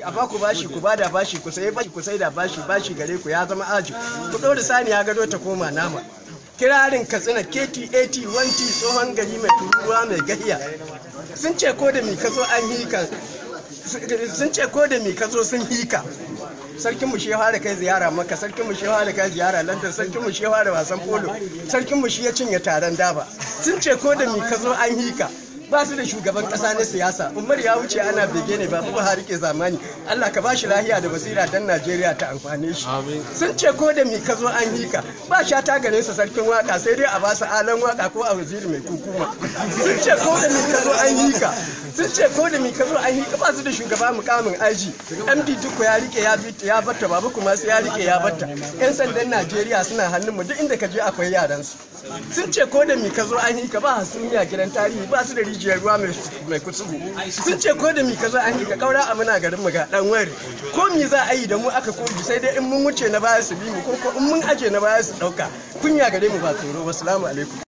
a ba ku bashi ku bada bashi ku sai bashi ku sai da bashi bashi gare ku ya zama aji ku sani ya gado ta koma nama kirarin katsina 1 t tsohon gari mai turuwa mai gahiya sun ce ko da mi ka zo an hika sun ce ko da mi ka zo sun hika sarkin mu shewa da kai ziyara maka sarkin mu shewa da kai ziyara london sarkin mu shewa da wasan polo sarkin mu shi ya cinye taron daba sun ce ko da mi ka zo an hika ba su da shugaban kasa na siyasa umar ya wuce ana bege ne babu buhari ke zamani allah ka ba shi lahiya da basira dan najeriya ta amfane shi sun ce ko da mi ka zo an hika. ba sha ta gare sa sarkin waka sai dai a ba su alan waka ko a waziri mai kukuma sun ce ko da mi ka zo an hika. sun ce ko da mika zo an hika ba su da shugaba mukamin aji md duku ya rike ya batta babu kuma su ya rike ya batta yan sandan najeriya suna hannun mu duk inda ka je akwai yaransu. sun ce ko da mika zo an hika ba su miya gidan tarihi ba su da rijiyar ruwa mai kutsugu sun ce ko da mika zo an hika kaura a muna garin mu ga dan wari ko mi za a yi da mu aka kogi sai dai in mun wuce na baya su bi mu ko in mun aje na baya su dauka kunya gare mu ba tsoro wassalamu alaikum